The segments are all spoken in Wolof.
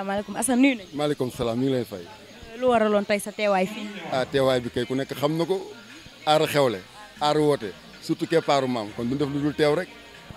asalaamaaleykum Assane nuyu nañu. maaleykum salaam ñu ngi lay fay. lu loon tey sa teewaay fii. ah teewaay bi kay ku nekk xam na ko aar xewle aar woote surtout keppaaru maam kon duñ def lu dul teew rek.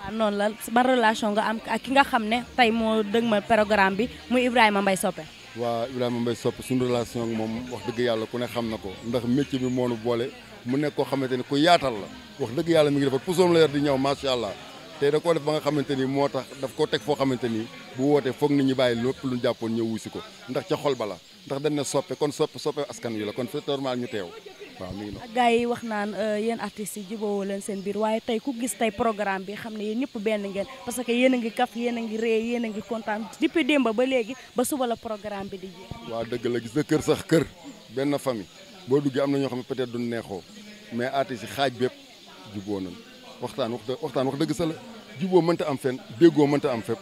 waaw noonu la ban relation nga am ak ki nga xam ne tey moo ma programme bi muy Ibrahima Mbaye Sopé. waaw Ibrahima Mbaye Sopé suñu relation ak moom wax dëgg yàlla ku ne xam na ko ndax métier bi moo nu boole mu nekk koo xamante ne ku yaatal la wax dëgg yàlla mu ngi defar pusoom di ñëw macha allah. te da koo def ba nga xamante ni moo tax daf koo teg foo xamante ni bu wootee foog nit ñu bàyyi lépp lu ñu jàppoon ñëw wuusi ko ndax ca xol ba la ndax dañ na soppe kon soppe soppe askan wi la kon c'est normal ñu teew waaw mi ngi noonu. gars yi wax naan euh, yéen artistes yi jubóowoo seen biir waaye tey ku gis tey programme bi xam ne yéen ñëpp benn ngeen parce que yéen ngi kaf yéen ngi ree yéen a ngi kontaan depuis démb ba léegi ba suba la programme waaw dëgg la gis kër sax kër benn famille boo duggee am na ñoo xam ne peut-être du neexoo mais artistes yi xaaj bépp juboo nañ waxtaan wax waxtaan wax dëgg sa la juboo mënta am fen déggoo mënta am fépp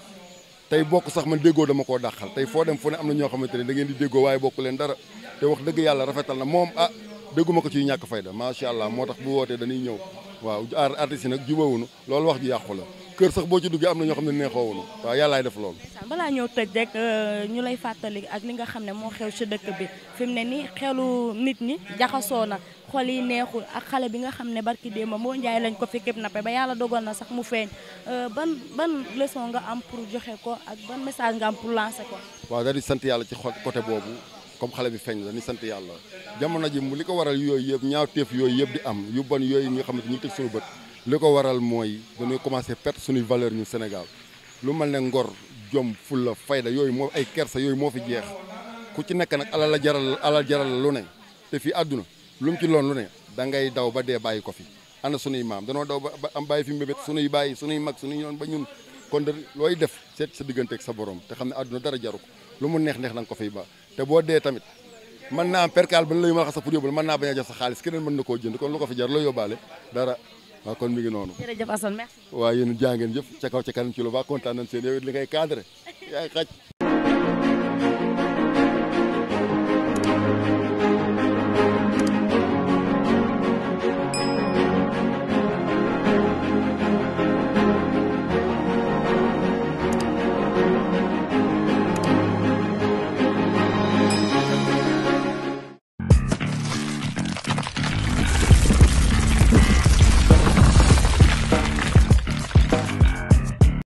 tey bokk sax ma déggoo dama koo dàqal tey foo dem fu ne am na ñoo xamante ne da ngeen di déggoo waaye bokk leen dara te wax dëgg yàlla rafetal na moom ah dégguma ko ciy ñàkk fayda macha allah moo tax bu wootee dañuy ñëw waaw artiste yi nag jubawunu loolu wax ji yàqu la kër sax boo ci duggee am na ñoo xam ne neexoowuñu waaw yàllaay def loolu balaa ñëw tëj rek euh, ñu lay fàttali ak li nga xam ne moo xew ci dëkk bi fi ne ni xelu nit ñi jaxasoo na xol yi neexul ak xale bi nga xam ne barki démb moo njaay lañ ko fi kidnappé ba yàlla dogal na sax mu feeñ euh, ban ban leçon nga am pour joxe ko ak ban message nga am pour lancer ko waa da di sant yàlla ci côté boobu comme xale bi feeñ la ni sant yàlla jamono ji mu li ko waral yooyu yëpp ñaaw yooyu yëpp di am yu bon yooyu nga xam ñu teg suñu bët li ko waral mooy dañuy commencé perte suñuy valeur ñu Sénégal lu mel ne ngor jom fulla fayda yooyu moo ay kersa yooyu moo fi jeex ku ci nekk nag alal jaral alal jaral lu ne te fii lu mu ci loon lu ne da ngay daw ba dee bàyyi ko fi ana sunuy maam danoo daw ba am bàyyi fi mbébét sunuy bàyyi sunuy mag sunuy ñoon ba ñun kon de looy def seet sa diggante sa borom te xam ne àdduna dara jaru ko lu mu neex neex na ko fi ba te boo dee tamit mën naa am perkaal ba lay ma la sax pour yóbbal mën naa bañ a jar sa xaalis keneen mën na koo jënd kon lu ko fi jar loo yóbbaale dara waaw kon mi ngi noonu. jërëjëf Assane merci. waaw yéen jaa ngeen jëf ca kaw ca kanam ci lu baax seen yow li ngay cadré yaay xaj.